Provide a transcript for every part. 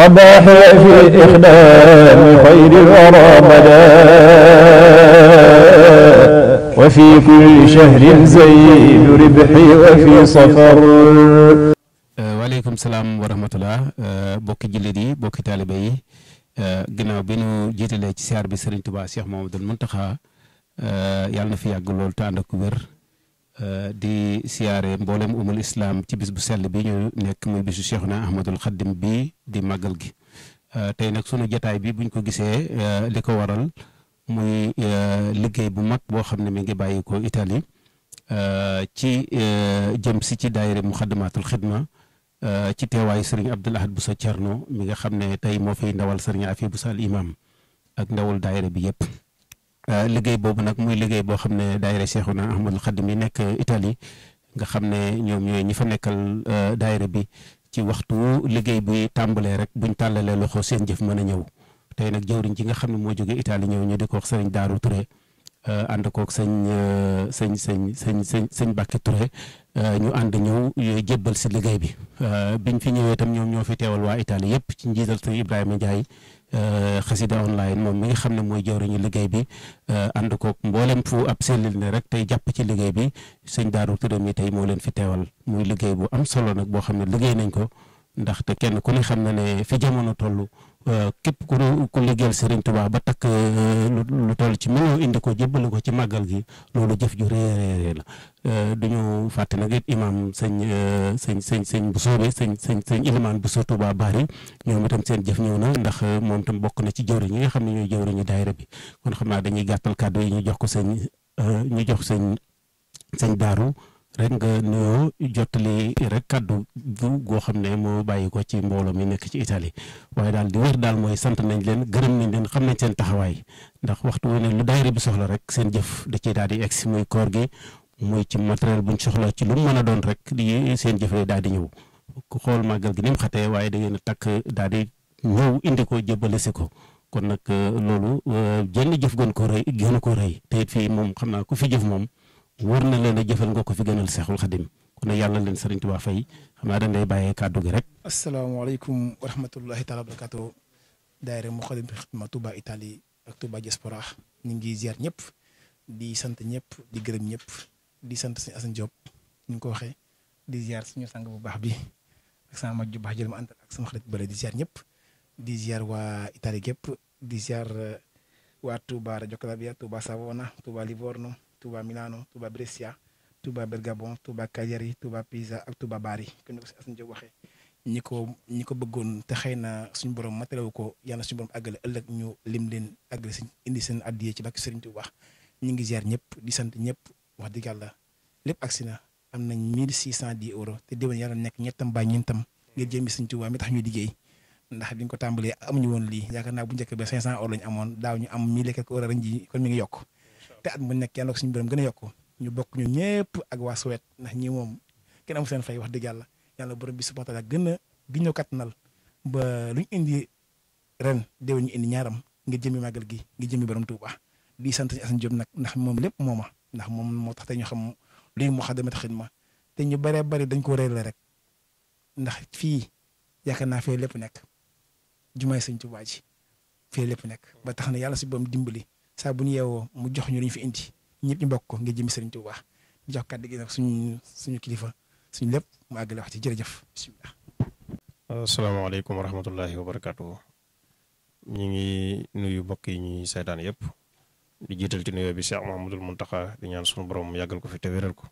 وضاحي في إخدام خير الورى بدا وفي كل شهر زيد ربحي وفي سفر waaleykum salaam wa rahmatullah bokki jullit yi bokki taalibe yi ginnaaw bi nu jiitalee ci siyaar bi Serigne Touba Cheikh Mouhamadoul Mountakha yàlla na fi yàgg lool te ànd Euh, di siyaare mboolem umul islam ci bis bu sell bi ñu nekk muy bisu Cheikhuna Ahmadul Xaddim bi di màggal gi euh, tey nag sunu jataay bi buñ ko gisee euh, li ko waral muy liggéey bu mag boo xam ne mi ngi bàyyi ko Italie ci jëm si ci daayira Muxaddamaatul Xidma ci teewaayu sëriñ Abdul Ahad Buso Cerno mi nga xam ne tey moo fiy ndawal sëriñ Afi Buso al ak ndawul daayira bi yëpp. Euh, liggéey boobu nag muy liggéey boo xam ne daayira Seexuna Ahmadul Xadim yi nekk Italie nga xam ne ñoom ñooy ñi fa nekkal euh, daayira bi ci waxtu liggéey bi tàmbalee rek buñ tàllalee loxo seen jëf mën a ñëw tey nag jëwriñ ji nga xam ne moo jógee Italie ñëw ñu di ko wax sëriñ Daaru Euh, ànd koog euh, sëñ sëñ sëñ sëñ sëñ sëñ Bàkke Touré euh, ñu ànd ñëw jébbal si liggéey bi biñ fi ñëwee tam ñoom ñoo fi teewal waa Italie yëpp ci njiital sëñ Ibrahima Ndiaye xasida online moom mi nga xam ne mooy jawriñu liggéey bi ànd koog mboolem fu ab sellil ne rek tey jàpp ci liggéey bi sëñ Daaru Touré mi tey moo leen fi teewal muy liggéey bu am solo nag boo xam ne liggéey nañ ko. ndaxte kenn ku xam na ne fi jamono tollu euh, képp ku ku liggéeyal Serigne Touba ba takk euh, lu toll ci mënoo indi ko jébbale ko ci màggal gi loolu jëf ju réeréeré la euh, duñu fàtte nag it imaam sëñ sëñ sëñ sëñ bu soobee sëñ sëñ sëñ ilimaan bu so Touba Bari ñoom itam seen jëf ñëw na ndax moom itam bokk na ci jëwriñ yi nga xam ne ñooy jëwriñu daayira bi kon xam naa dañuy gàttal kàddu yi ñu jox ko sëñ ñu jox sëñ sëñ daaru rek nga nuyoo jottali rek kàddu goo xam ne moo bàyyi ko ci mbooloo mi nekk ci itali waaye daal di wér daal mooy sant nañ leen gërëm nañ leen xam nañ seen taxawaay ndax waxtu wu ne lu daayira bi soxla rek seen jëf da ciy daal di egsi muy koor gi muy ci matériel buñ soxla ci lu mën a doon rek di seen jëf lay daal di ñëw ku xool màggal gi ni mu xatee waaye da ngeen a takk daal di ñëw indi ko jébbale si ko kon nag loolu euh, jenn jëf gën ko rëy gën ko rëy te fii moom xam naa ku fi jëf moom. war na leen a jëfal nga ko fi gënal Seexul Xadim kon nag yàlla leen Sëriñ Tuubaa fay xam naa dañ lay bàyyee kàddu gi rek. asalaamaaleykum wa rahmatulahi taala barakaatu daayira Moukhaddamatoul Khidma Touba Italie ak Touba diaspora ñu ngi ziar ñëpp di sant ñëpp di gërëm ñëpp di sant suñu Assane Diop ñu ko waxee di ziar suñu sang bu baax bi ak sama mag ju baax jël ma ak sama xarit di ziar ñëpp di ziar waa Italie gépp di ziar uh, waa tubaa Rajo Calabria Touba Savona Touba Livorno. Touba Milano Touba Brescia Touba Bergamo Touba Cagliari tubaa Pisa ak Touba Bari ku ne ko si Assane Diop waxee ñi ko ñi ko bëggoon te xëy na suñu borom matalewu ko yàlla suñu borom àggale ëllëg ñu lim leen àggale si indi seen addiyee ci bàkki Serigne Touba ñu ngi ziar ñëpp di sant ñëpp wax dëgg yàlla lépp agsi na am nañ 1610 euros te déwén yàlla nekk ñettam ba ñeentam ngir jëmmi Serigne Touba mi tax ñuy liggéey ndax diñ ko tàmbalee amuñu woon lii yaakaar naa bu njëkk ba 500 euros amoon daaw ñu ji kon mi ngi yokk te at mu nekk yàlla ko suñu gën a yokk ñu bokk ñu ñëpp ak waa wet ndax ñi moom kenn amul seen fay wax dëgg yàlla yàlla borom bi subhanahu wa taala gën a gi ñëw kattanal ba lu ñu indi ren déwén ñu indi ñaaram nga jëmi màggal gi nga jëmi borom Tuuba di sant Assane Diop nag ndax moom lépp mooma ndax moom moo tax te ñu xam luy Moukhaddamatoul Khidma te ñu bëree bëri dañ ko réerle rek ndax fii yaakaar naa fee lépp nekk jumaay sëñ Tuubaa ji fee lépp nekk ba tax na yàlla si boom dimbali saa bu ñu yeewoo mu jox ñu li ñu fi indi ñëpp ñu bokk ko ngi jëmi Sëriñ Tuubaa jox kàddu gi nag suñu suñu kilifa suñu lépp mu àggale wax ci jërëjëf bisimilah. asalaamaaleykum wa rahmatullahi mu barakaatu. ñu ngi nuyu mbokk yi ñuy seetaan yëpp. di jiital ci nuyoo bi Cheikh Mouhamadul Mountakha di ñaan sunu borom yàggal ko fi te ko.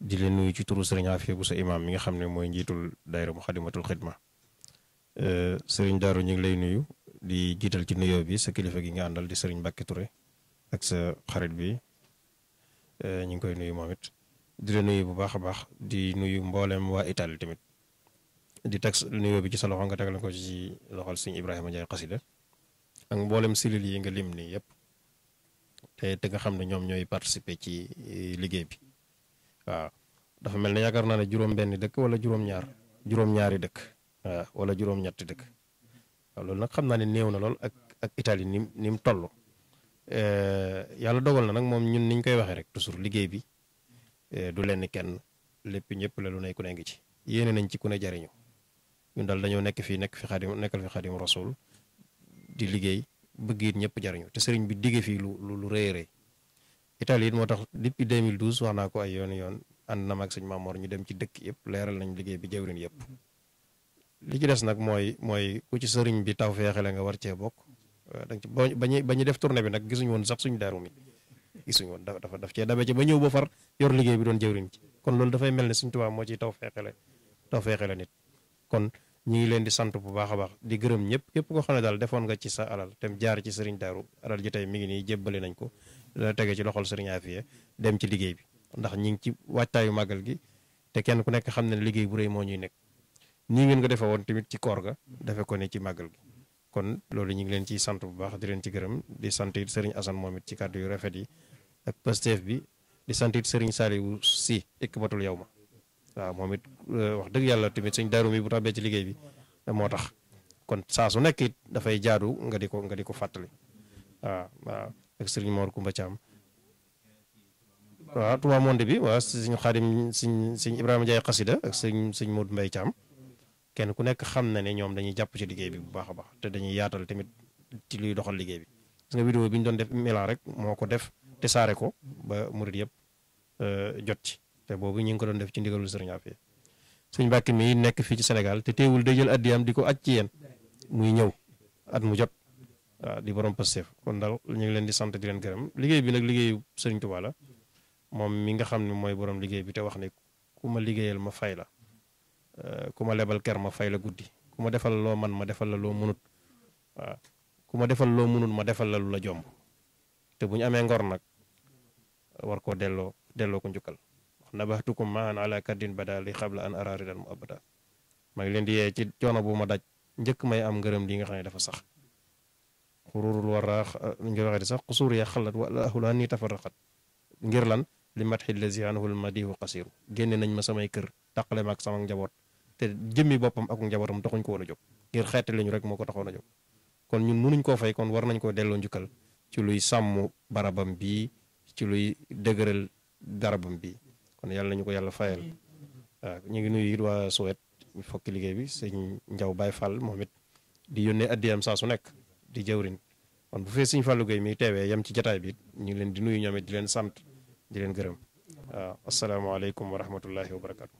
di leen nuyu ci turu Serigne Afia bu mi nga xam ne mooy njiitul daayira Muxaddamatul Xidma. Euh, Serigne Darou ñu ngi lay nuyu di jiital ci nuyoo bi sa kilifa gi nga àndal di sëriñ Mbacke Touré ak sa xarit bi eh, ñu ngi koy nuyu moom di la nuyu bu baax a baax di nuyu mboolem waa Italie tamit di teg nuyoo bi ci sa loxo nga tegal ko ci loxol sëriñ Ibrahima Ndiaye xasida ak mboolem silil yi nga lim nii yëpp te te nga xam ne ñoom ñooy participer ci eh, liggéey bi waaw dafa mel ne yaakaar naa ne juróom-benn dëkk wala juróom-ñaar juróom-ñaari dëkk waaw wala juróom-ñetti dëkk. waaw loolu nag xam naa ne néew na lool ak ak Italie ni ni mu toll. Eh, yàlla dogal na nag moom ñun niñ koy waxee rek toujours liggéey bi eh, du lenn kenn lépp ñëpp la lu ne ku ngi ci. yéene nañ ci ku jariñu ñun daal dañoo nekk fii nekk fi xaadim nekkal fi xaadim rasul di liggéey bëgg it ñëpp jariñu te sëriñ bi digge fii lu lu lu rëy rëy Italie it moo tax depuis 2012 wax naa ko ay yoon yoon ànd na ma ak sëñ Maamoor ñu dem ci dëkk yëpp leeral nañ liggéey bi jawrin yëpp. li ci des nag mooy mooy ku ci sëriñ bi taw feexele nga war cee bokk euh, danga ci bañu ba ñuy def tournée bi nag gisuñu woon sax suñu daaru mi gisuñu woon dafa daf cee dabe ci ba ñëw ba far yor liggéey bi doon jëwriñ ci kon loolu dafay mel ne suñ tubaab moo ciy taw feexele taw feexele nit kon ñu ngi leen di sant bu baax a baax di gërëm ñëpp képp koo xam ne daal defoon nga ci sa alal tem jaar ci sëriñ daaru alal ji tey mi ngi nii jébbali nañ ko la tege ci loxol sëriñ Afiya dem ci liggéey bi ndax ñi ngi ci waajtaayu màggal gi te kenn ku nekk xam ne liggéey bu rëy moo ñuy nekk nii ngeen ko defee woon tamit ci koor ga defe ko ne ci màggal gi kon loolu ñu ngi leen ciy sant bu baax di leen ci gërëm di sant it Serigne Assane moom it ci kàddu yu rafet yi ak Pastef bi di sant it Serigne Saliou si Hikmatul ma waaw moom it euh, wax dëgg yàlla timit suñ daaru mi bu tabbee ci liggéey bi moo tax kon saa su nekk it dafay jaadu nga di ko nga di ko fàttali waaw waaw ak Serigne Mor Koumba Thiam waaw Touba Monde bi waaw suñu xaadim suñ suñ Ibrahima Jaay xasida ak suñ suñ Modou Mbaye kenn ku nekk xam na ne ñoom dañuy jàpp ci liggéey bi bu baax a baax te dañuy yaatal tamit ci luy doxal liggéey bi gis ñu doon def Milan moo ko def te ko ba murit yëpp euh, jot ci te ñu ngi ko doon def ci ndigalul sëriñ Afia suñ mbàkk mi nekk fii ci Sénégal te teewul day jël addiyaam di ko aj ci yéen muy ñëw at mu jot di borom Pastef kon daal ñu ngi leen di sant di leen gërëm liggéey bi nag liggéeyu sëriñ Tuubaa moom mi nga xam ne mooy borom liggéey bi te wax ne ku ma liggéeyal ma fay la Euh, ku ma lebal ker ma fay la guddi ku ma defal loo man ma defal la loo mënut waaw ku ma defal loo mënut ma defal la lu la jomb te bu amee ngor nag war koo delloo delloo ko njukkal wax nabaxtukum maan ala kaddin bada li xabla an araridal mu abada ma ngi leen di yee ci coono bu ma daj njëkk may am ngërëm li nga xam ne dafa sax xururul wara euh, nga waxee di sax xusuur ya xalat wala ahulaa nii tafarraqat ngir lan li mat xi lesi anhul madihu qasiru génne nañ ma samay kër tàqale ma ak sama njaboot te jëmmi boppam ak njabootam taxuñ ko woon a jóg ngir xeete lañu rek moo ko taxoon a jóg kon ñun mënuñ koo fay kon war nañ koo delloo njukkal ci luy sàmm barabam bii ci luy dëgëral darabam bii kon yàlla ñu ko yàlla fayal waaw ñu ngi nuyu it waa Suwed fokki liggéey bi sëñ Njaw Baay Fall moom it di yónnee addiyam saa su nekk di jëwrin kon bu fee sëñ Fallou Gueye mi teewee yem ci jataay bi ñu ngi leen di nuyu ñoom it di leen sant di leen gërëm waaw asalaamaaleykum wa rahmatullahi wa barakatu